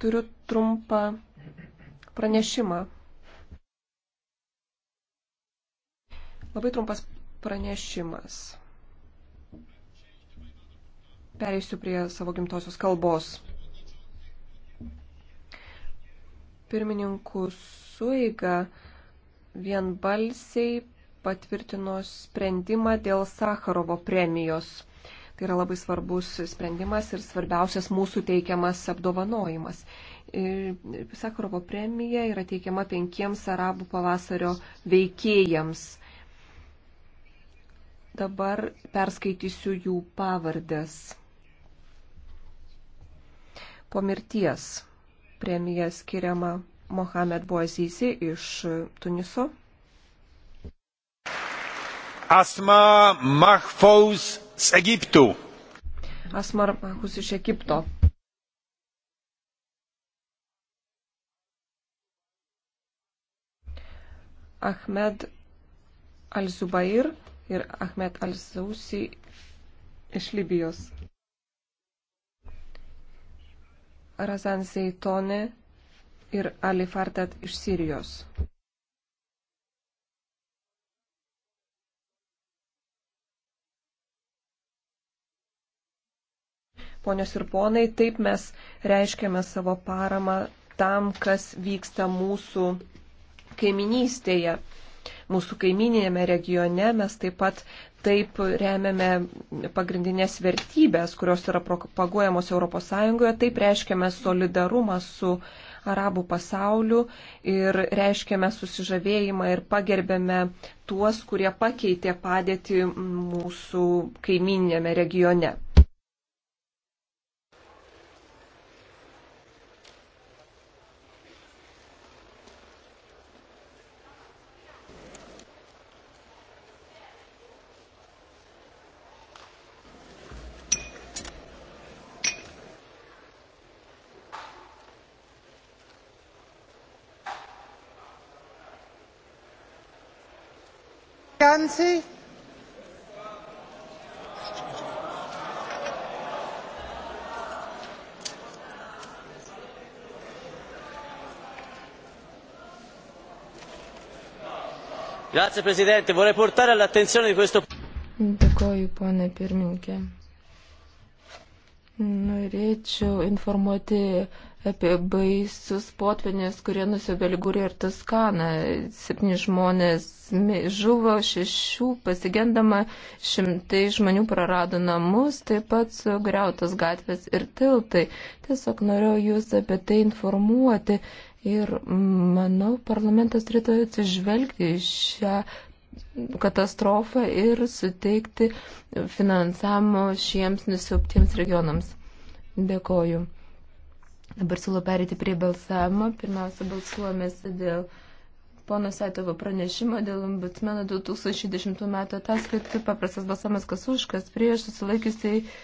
Turiu trumpą pranešimą. Labai trumpas pranešimas. Pereisiu prie savo gimtosios kalbos. Pirmininkų suiga vienbalsiai patvirtino sprendimą dėl Sakarovo premijos. Tai yra labai svarbus sprendimas ir svarbiausias mūsų teikiamas apdovanojimas. Sakarovo premija yra teikiama penkiems arabų pavasario veikėjams. Dabar perskaitysiu jų pavardės. Po mirties premija skiriama Mohamed Boazizi iš Tuniso. Asma Mahfouz z Egiptu. Asmar Mahus iš Egipto. Ahmed Al-Zubair ir Ahmed Al-Sausi iš Libijos. Razan Zeitone ir Ali Fardat iš Sirijos. Ponios ir ponai, taip mes reiškiame savo paramą tam, kas vyksta mūsų kaiminystėje. Mūsų kaiminėme regione mes taip pat taip remiame pagrindinės vertybės, kurios yra propaguojamos ES, taip reiškiame solidarumą su arabų pasauliu ir reiškiame susižavėjimą ir pagerbėme tuos, kurie pakeitė padėtį mūsų kaiminėme regione. Ganzi. Grazie Presidente, vorrei portare all'attenzione di questo. Dėkoju, ponė pirmininkė. Norėčiau informuoti apie baisius potvinius, kurie nusibė Ligūriją ir Toskaną. Septyni žmonės žuvo, šešių pasigendama, šimtai žmonių prarado namus, taip pat sugriautos gatvės ir tiltai. Tiesiog norėjau jūs apie tai informuoti ir manau, parlamentas turėtų atsižvelgti į šią katastrofą ir suteikti finansavimo šiems nusiauptiems regionams. Dėkoju. Dabar siūlau perėti prie balsavimo. Pirmiausia, balsuomės dėl pono Saitovo pranešimo dėl ombudsmeno 2010 metų ataskaitų. Paprastas balsavimas kas už, kas prieš, susilaikiusiai